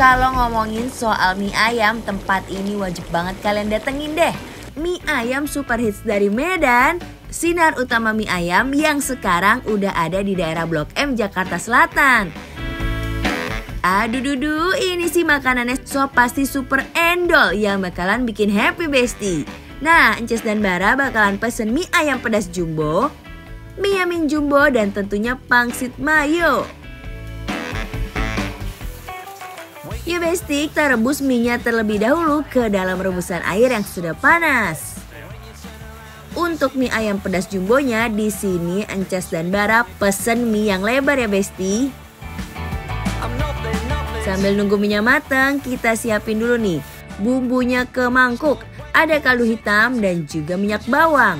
Kalau ngomongin soal mie ayam, tempat ini wajib banget kalian datengin deh. Mie ayam super hits dari Medan, sinar utama mie ayam yang sekarang udah ada di daerah Blok M Jakarta Selatan. Aduh dudu, ini sih makanannya so pasti super endol yang bakalan bikin happy bestie. Nah, Ences dan Bara bakalan pesen mie ayam pedas jumbo, mie yamin jumbo dan tentunya pangsit mayo. Yuk Besti, kita rebus minyak terlebih dahulu ke dalam rebusan air yang sudah panas. Untuk mie ayam pedas jumbonya, di sini Encas dan Bara pesen mie yang lebar ya Besti. Sambil nunggu minyak matang, kita siapin dulu nih bumbunya ke mangkuk. Ada kaldu hitam dan juga minyak bawang.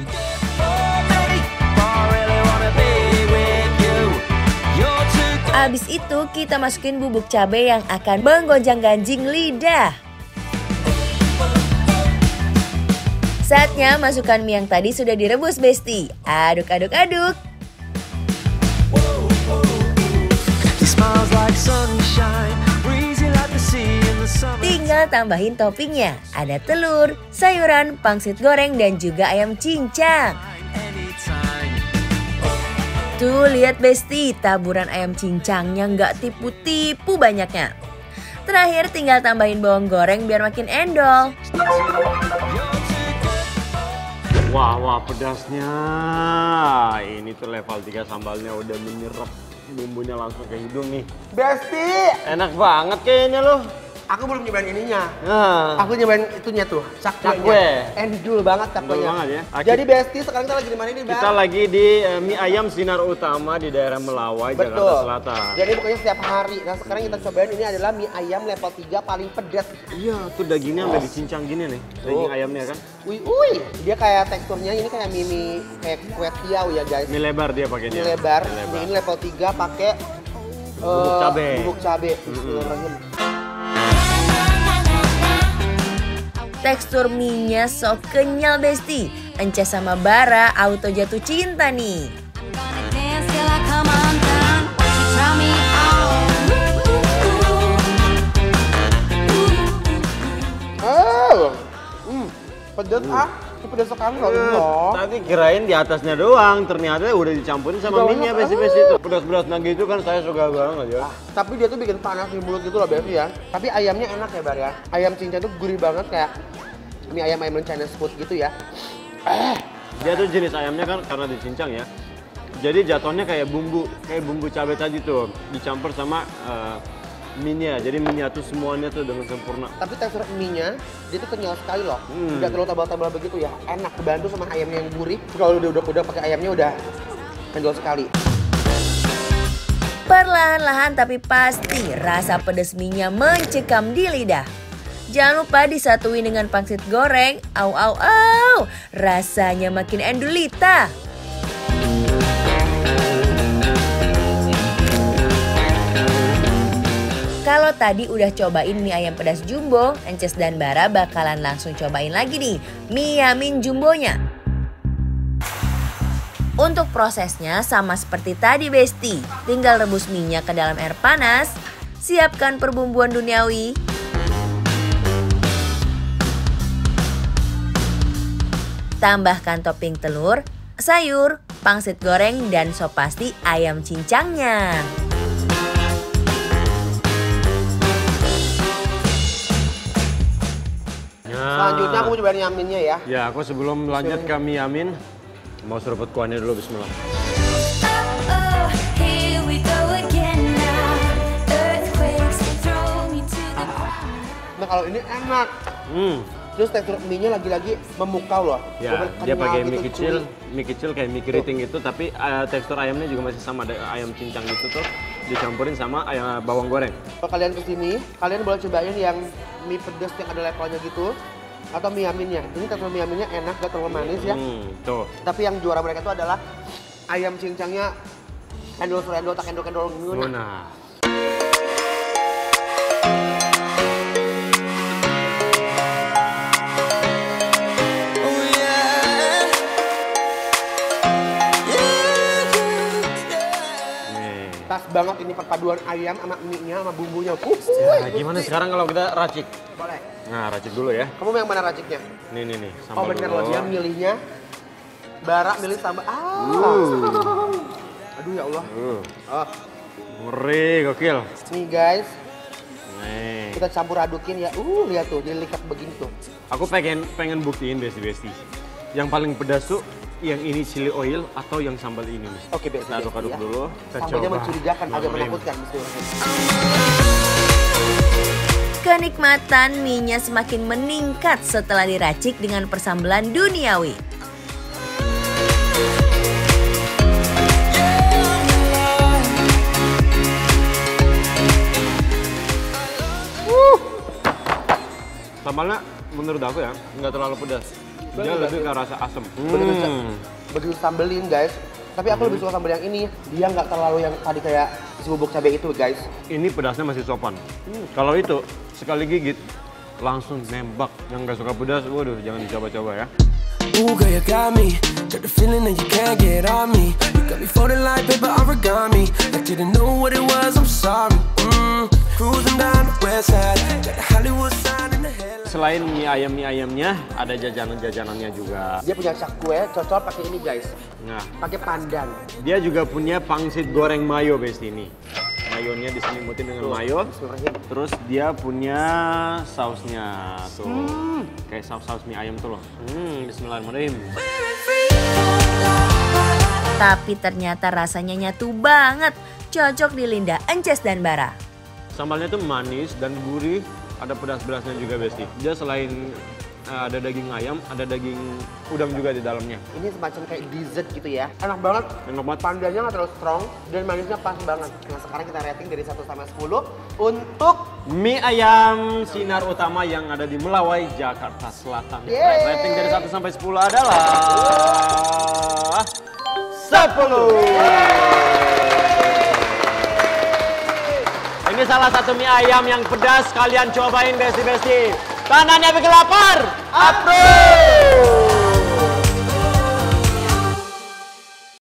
Abis itu kita masukin bubuk cabai yang akan menggonjang-ganjing lidah. Saatnya masukkan mie yang tadi sudah direbus Besti. Aduk-aduk-aduk. Tinggal tambahin toppingnya. Ada telur, sayuran, pangsit goreng, dan juga ayam cincang. Tuh lihat Besti, taburan ayam cincangnya nggak tipu-tipu banyaknya. Terakhir tinggal tambahin bawang goreng biar makin endol. Wah, wah pedasnya. Ini tuh level 3 sambalnya udah menyerap. Bumbunya langsung ke hidung nih. Besti! Enak banget kayaknya loh aku belum nyobain ininya. Nah. Aku nyobain itunya tuh, cakwe. Cakwe. Endul eh, banget cakwe banget ya. Akhir. Jadi Besti sekarang kita lagi di mana ini? Bang? Kita lagi di uh, Mie Ayam Sinar Utama di daerah Melawai, Betul. Jakarta Selatan. Jadi pokoknya setiap hari. Nah, sekarang kita cobain ini adalah mie ayam level 3 paling pedas. Iya, tuh dagingnya sampai oh. dicincang gini nih. Daging oh. ayamnya kan. Ui, ui. Dia kayak teksturnya ini kayak mie, kayak kue tiaw ya, guys. Mie lebar dia pakainya. Mie lebar. Mie lebar. Ini level 3 pakai bubuk eh, cabe. Bubuk cabe. Mm -hmm. Tekstur minyak soft so kenyal besti. Enca sama Bara auto jatuh cinta nih. Oh, hmm, pedet ah tapi udah sekali kali loh. Eh, tapi kirain di atasnya doang, ternyata udah dicampurin sama minyak besi-besi itu. Pedas-pedas nagi itu kan saya suka banget ya. Ah, tapi dia tuh bikin panas di mulut gitu loh Bevi ya. Tapi ayamnya enak ya Bar ya. Ayam cincang tuh gurih banget kayak mie ayam ayam Chinese food gitu ya. Eh. Dia tuh jenis ayamnya kan karena dicincang ya. Jadi jatuhnya kayak bumbu, kayak bumbu cabai tadi tuh dicampur sama uh, mie-nya, jadi mie-nya tuh semuanya tuh dengan sempurna. Tapi tekstur mie-nya dia tuh kenyal sekali loh. Hmm. Gak terlalu tabal-tabal begitu ya. Enak kebantu sama ayamnya yang gurih. Kalau udah udah udah pakai ayamnya udah kenyal sekali. Perlahan-lahan tapi pasti rasa pedas mie-nya mencekam di lidah. Jangan lupa disatuin dengan pangsit goreng. Au au au. Rasanya makin endulita. Kalau tadi udah cobain mie ayam pedas jumbo, Ences dan Bara bakalan langsung cobain lagi nih mie yamin jumbonya. Untuk prosesnya sama seperti tadi Besti, tinggal rebus minyak ke dalam air panas, siapkan perbumbuan duniawi, tambahkan topping telur, sayur, pangsit goreng, dan sop pasti ayam cincangnya. Nah. Selanjutnya aku coba nyaminnya ya. Ya, aku sebelum lanjut kami yamin mau seruput kuahnya dulu bismillah. Oh, ah, ah. Nah, kalau ini enak. Hmm. Terus tekstur mie-nya lagi-lagi memukau loh. Ya, dia pakai gitu, mie gitu, kecil, mie kecil kayak mie keriting itu tapi uh, tekstur ayamnya juga masih sama ada ayam cincang gitu tuh dicampurin sama ayam bawang goreng. Kalau kalian kesini, kalian boleh cobain yang mie pedas yang ada levelnya gitu atau mie aminnya. Ini tetap mie aminnya enak, gak terlalu manis ya. Hmm, tuh. Tapi yang juara mereka itu adalah ayam cincangnya endol endol tak endol endol Nah. banget ini perpaduan ayam sama mie-nya sama bumbunya. Uh, ya, gimana sekarang kalau kita racik? Boleh. Nah, racik dulu ya. Kamu yang mana raciknya? Nih, nih, nih. Sambal oh, bener loh. Dia milihnya. Bara milih sambal. Ah. Uh. Aduh, ya Allah. Uh. Oh. Ngeri, gokil. Nih, guys. Nih. Kita campur adukin ya. Uh, lihat tuh, dia lengkap begini tuh. Aku pengen pengen buktiin besti-besti. Yang paling pedas tuh yang ini chili oil atau yang sambal ini, Miss? Oke, baik. kita aduk-aduk ya. dulu. Sambalnya mencurigakan, Lalu agak menakutkan, Miss. Kenikmatan mie semakin meningkat setelah diracik dengan persambelan duniawi. Uh. Sambalnya menurut aku ya, nggak terlalu pedas dia lebih ke rasa asem. Hmm. Begitu sambelin guys, tapi aku hmm. lebih suka sambal yang ini. Dia nggak terlalu yang tadi kayak bubuk cabe itu guys. Ini pedasnya masih sopan. Hmm. Kalau itu sekali gigit langsung nembak. Yang nggak suka pedas, waduh jangan dicoba-coba ya. Ooh, selain mie ayam mie ayamnya, ada jajanan jajanannya juga. Dia punya cakwe cocok pakai ini guys. Nah, pakai pandan. Dia juga punya pangsit goreng mayo guys ini. mayonya diselimutin dengan Tuh, mayo. Terus dia punya sausnya tuh. Hmm. Kayak saus-saus mie ayam tuh loh. Hmm, bismillahirrahmanirrahim. Tapi ternyata rasanya nyatu banget. Cocok di lidah Enches dan Bara. Sambalnya tuh manis dan gurih, ada pedas-pedasnya juga besti. Dia selain uh, ada daging ayam, ada daging udang juga di dalamnya. Ini semacam kayak dessert gitu ya. Enak banget. Enak banget. Pandanya nggak terlalu strong dan manisnya pas banget. Nah sekarang kita rating dari 1 sampai 10 untuk mie ayam sinar utama yang ada di Melawai, Jakarta Selatan. Yeay. Rating dari 1 sampai 10 adalah 10. Yeay. salah satu mie ayam yang pedas kalian cobain besti-besti. Kanannya bikin lapar. Approve.